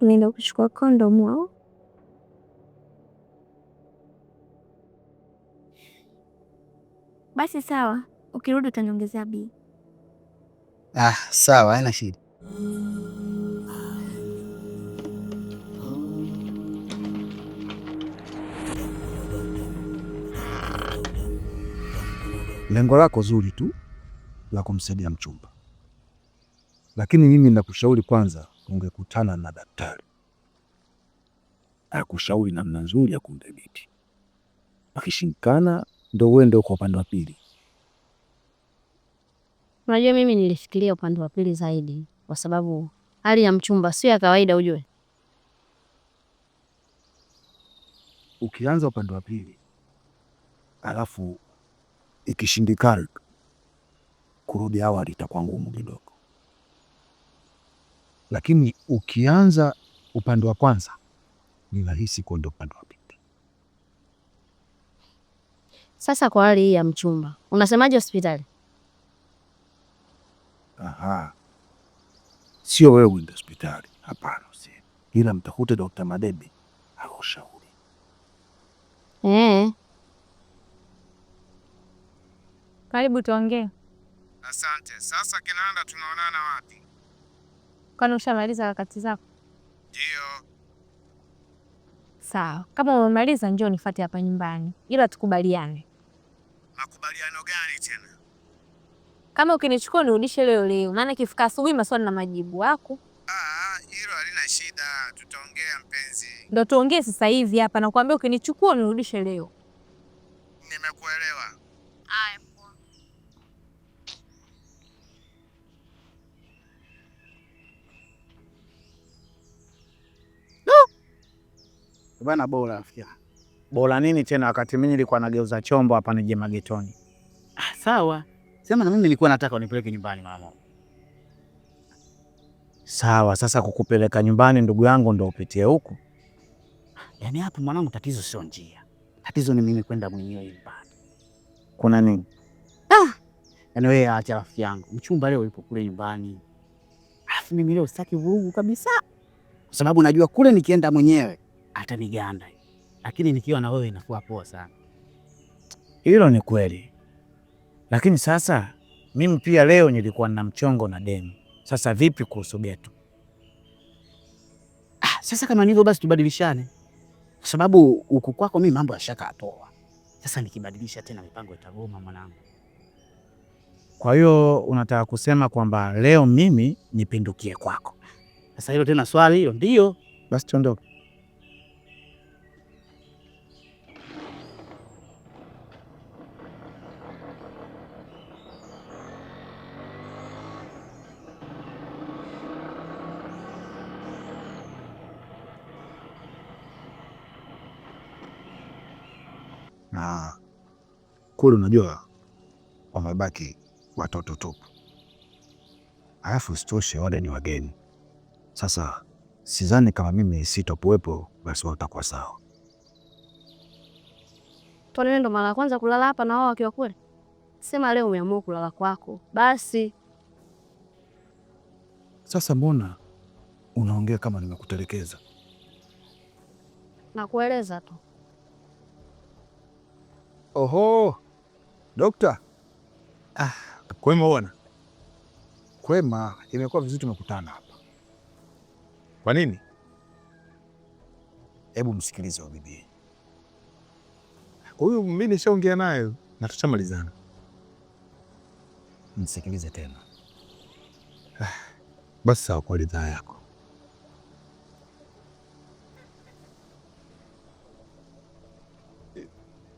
Unaenda kuchukua kondomu au basi sawa, ukirudi utaniongezea bei. Ah, sawa, haina shida. Lengo lako zuri tu la kumsaidia mchumba, lakini mimi nakushauri kwanza ungekutana na daktari akushauri namna nzuri ya kumdhibiti. Akishindikana, ndo uende kwa upande wa pili. Unajua, mimi nilifikiria upande wa pili zaidi, kwa sababu hali ya mchumba sio ya kawaida. Ujue ukianza upande wa pili alafu ikishindikana, kurudi awali itakuwa ngumu kidogo lakini ukianza upande wa kwanza ni rahisi kuenda upande wa pili. Sasa kwa hali hii ya mchumba, unasemaje hospitali? Aha, sio wewe uende hospitali, hapana, ila mtakute Dokta Madebe akushauri eh. Karibu tuongee. Asante. Sasa Kinanda, tunaonana wapi? Kwani ushamaliza wakati zako? Ndio. Sawa, kama umemaliza njoo nifuate hapa nyumbani, ila tukubaliane. Makubaliano gani tena? Kama ukinichukua nirudishe leo leo, maana kifika asubuhi maswali na majibu wako. Ah, hilo halina shida, tutaongea mpenzi. Ndio tuongee sasa hivi hapa, nakwambia ukinichukua nirudishe leo. Nimekuelewa. Bana bora afya. Bora nini tena wakati mimi nilikuwa nageuza chombo hapa nije magetoni. Ah, sawa. Sema na mimi nilikuwa nataka unipeleke nyumbani mama. Sawa, sasa kukupeleka nyumbani ndugu yangu ndio upitie huku. Yaani hapo mwanangu, tatizo sio njia. Tatizo ni mimi kwenda mwenyewe nyumbani. Kuna nini? Ah. Yaani wewe acha rafiki yangu. Mchumba leo yupo kule nyumbani. Alafu mimi leo sitaki vurugu kabisa. Kwa sababu najua kule nikienda mwenyewe ataniganda, lakini nikiwa na wewe inakuwa poa sana. Hilo ni kweli, lakini sasa mimi pia leo nilikuwa na mchongo na deni. Sasa vipi kuhusu getu? Ah, sasa kama nivyo basi tubadilishane, kwa sababu huku kwako mimi mambo yashaka atoa. Sasa nikibadilisha tena mipango itagoma mwanangu. Kwa hiyo unataka kusema kwamba leo mimi nipindukie kwako? Sasa hilo tena swali hilo, ndio basi tuondoke. na kule, unajua wamebaki watoto tupu, alafu sitoshe wale ni wageni. Sasa sidhani kama mimi sitopuwepo, basi wao sawa. Tonene ndo mara ya kwanza kulala hapa na wao wakiwa kule. Sema leo umeamua kulala kwako, basi sasa. Mbona unaongea kama nimekutelekeza? Nakueleza tu. Oho, dokta. Ah, kwema bwana. Kwema, imekuwa vizuri tumekutana hapa. Kwa nini? Hebu msikilize wa bibi huyu, mimi nishaongea naye na tutamalizana. Msikilize tena. Ah, basi sawa, kwa ridhaa yako.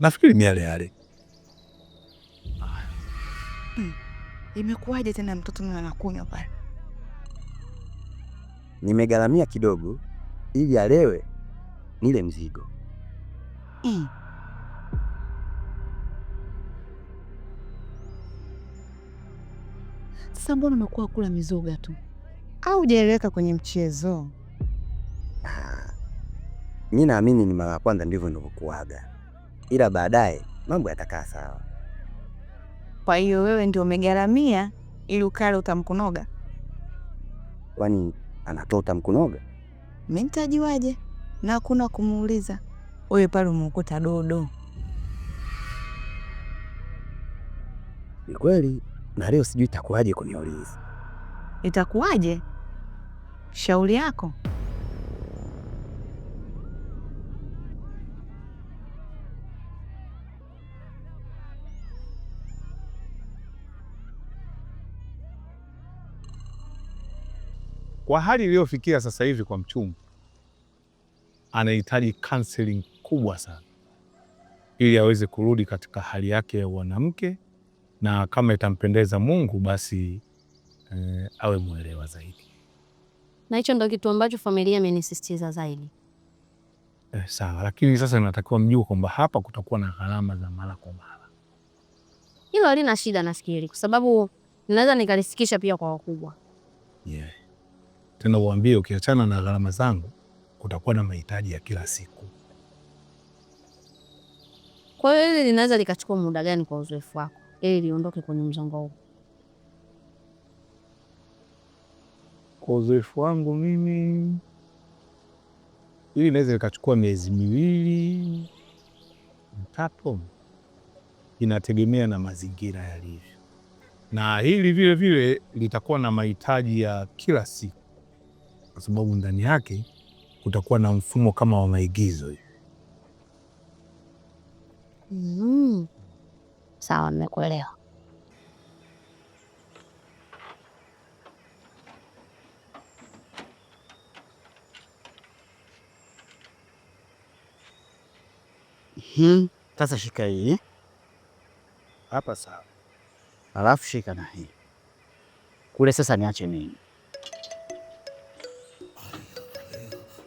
Nafikiri ni yale yale. Hmm. Imekuwaje tena mtoto anakunywa pale? Nimegaramia kidogo ili alewe nile mzigo. Hmm. Sasa mbona umekuwa kula mizoga tu au hujaeleweka kwenye mchezo? Ah. mi naamini ni mara ya kwanza ndivyo navyokuwaga ila baadaye mambo yatakaa sawa. Kwa hiyo wewe ndio umegaramia ili ukale utamkunoga? Kwani anatoa utamkunoga? Mimi nitajuaje? na kuna kumuuliza. Wewe pale umeukuta dodo. Ni kweli, na leo sijui itakuwaje kuniuliza. Itakuwaje? Shauri yako. Kwa hali iliyofikia sasa hivi kwa mchumba, anahitaji counseling kubwa sana ili aweze kurudi katika hali yake ya mwanamke, na kama itampendeza Mungu basi eh, awe mwelewa zaidi, na hicho ndo kitu ambacho familia imenisisitiza zaidi. Eh, sawa, lakini sasa inatakiwa mjue kwamba hapa kutakuwa na gharama za mara kwa mara. Hilo halina shida nafikiri, kwa sababu ninaweza nikalisikisha pia kwa wakubwa yeah. Tena uambie ukiachana na gharama zangu kutakuwa na mahitaji ya kila siku. Kwa hiyo hili linaweza likachukua muda gani kwa uzoefu wako ili liondoke kwenye mzongo huu? Kwa uzoefu wangu mimi, hili inaweza likachukua miezi miwili mitatu, inategemea na mazingira yalivyo, na hili vile vile litakuwa na mahitaji ya kila siku kwa sababu ndani yake kutakuwa na mfumo kama wa maigizo hivi. Mm. Sawa, nimekuelewa. Mm-hmm. Sasa hmm. Shika hii hapa sawa, alafu shika na hii kule. Sasa niache nini?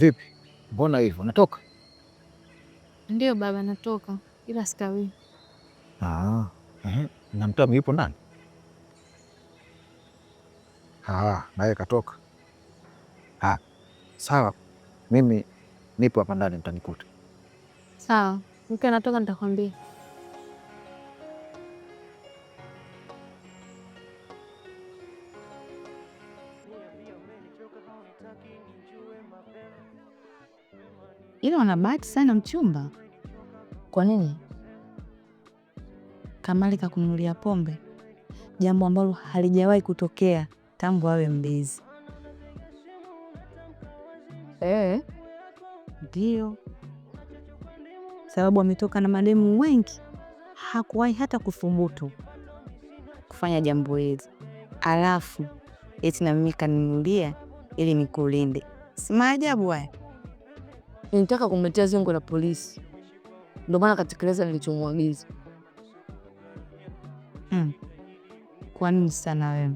Vipi, mbona hivyo? Natoka? Ndio baba, natoka ila sikawi. Ah, eh, na mtami yupo ndani ah, naye katoka. Ah, sawa, mimi nipo hapa ndani, mtanikuta. Sawa, mke anatoka, nitakwambia. ila wana bahati sana mchumba. Kwa nini? Kamali kakunulia pombe, jambo ambalo halijawahi kutokea tangu awe mbizi. Eh, ndio sababu ametoka na mademu wengi, hakuwahi hata kuthubutu kufanya jambo hili, alafu eti na mimi kaninulia ili nikulinde. Si maajabu haya nitaka kumletea zingo la polisi, ndio maana akatekeleza nilichomwagiza. Mm. Kwa nini sana wewe?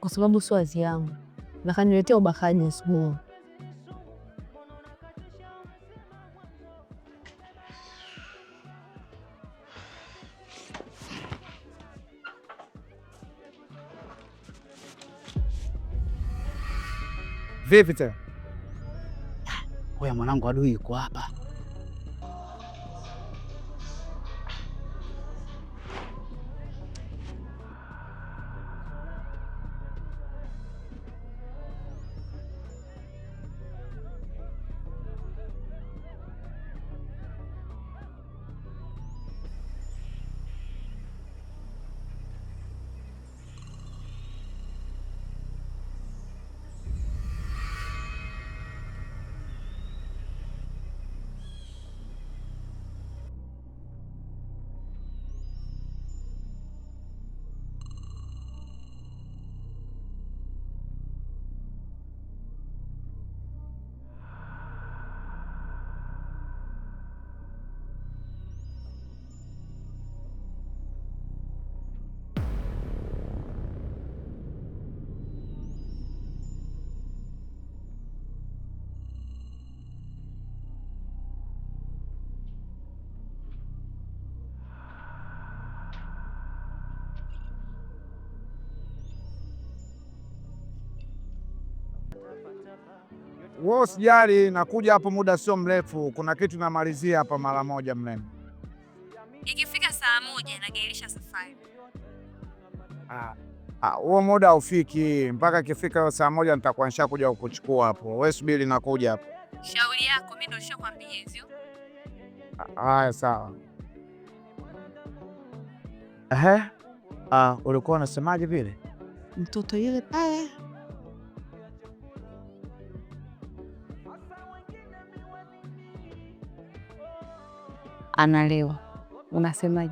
Kwa sababu azi yangu na kaniletea ubakaji asubuhi. Vipi tena? Oya mwanangu, adui yuko hapa. Wewe sijali, nakuja hapo muda sio mrefu, kuna kitu namalizia hapa mara moja mrembo. Ikifika saa moja nagairisha safari. Ah, ah, huo muda haufiki mpaka ikifika saa moja nitakuwa kuja kukuchukua hapo. Wewe subiri, nakuja hapo. Shauri yako, mimi ndio nishakwambia hivyo. Ah, haya, sawa. Ehe, ah, ulikuwa unasemaje vile mtoto yule pale analewa, unasemaje?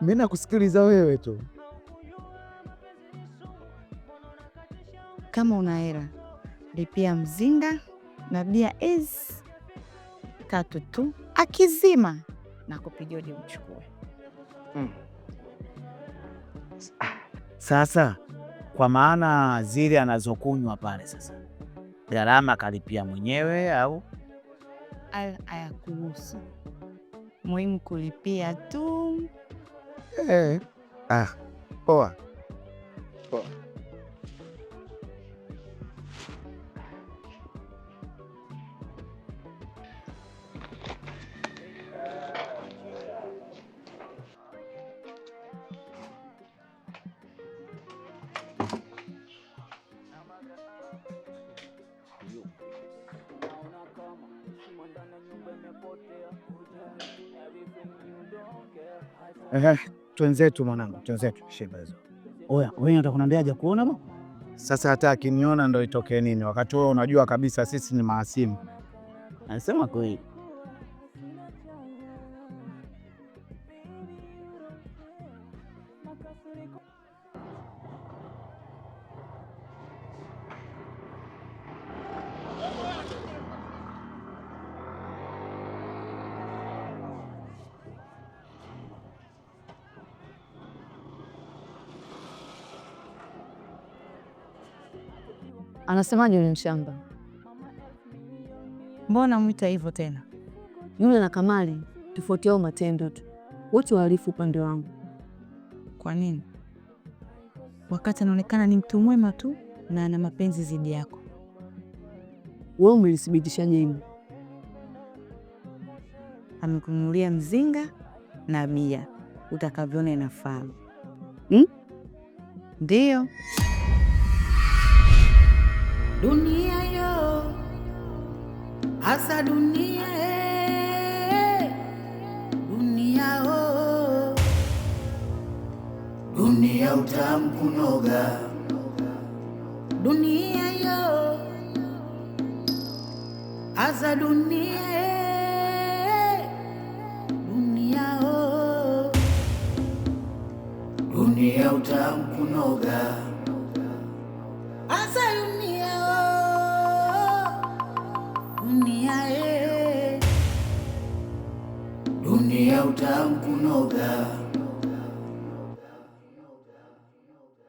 Mi nakusikiliza wewe tu. Kama una hela lipia mzinga na bia is tatu tu, akizima na kupigia udi Mm. Sasa kwa maana zile anazokunywa pale, sasa gharama kalipia mwenyewe au ayakuhusu? Muhimu kulipia tu. Hey. Eh, ah, poa poa. twenzetu mwanangu, twenzetu shida Oya, wewe atakunambiaje kuona mo? Sasa hata akiniona ndo itokee nini? Wakati wewe unajua kabisa sisi ni maasimu. Anasema kweli. Anasemaje yule mshamba? Mbona mwita hivyo tena? Yule na Kamali tofauti yao matendo tu, wote wahalifu upande wangu. Kwa nini? Wakati anaonekana ni mtu mwema tu na ana mapenzi zidi yako. Wewe umelithibitishaje hilo? Amekunulia mzinga na mia utakavyoona inafaa. Hmm? Ndio dunia yo hasa dunia dunia oh, dunia utamkunoga dunia yo hasa dunia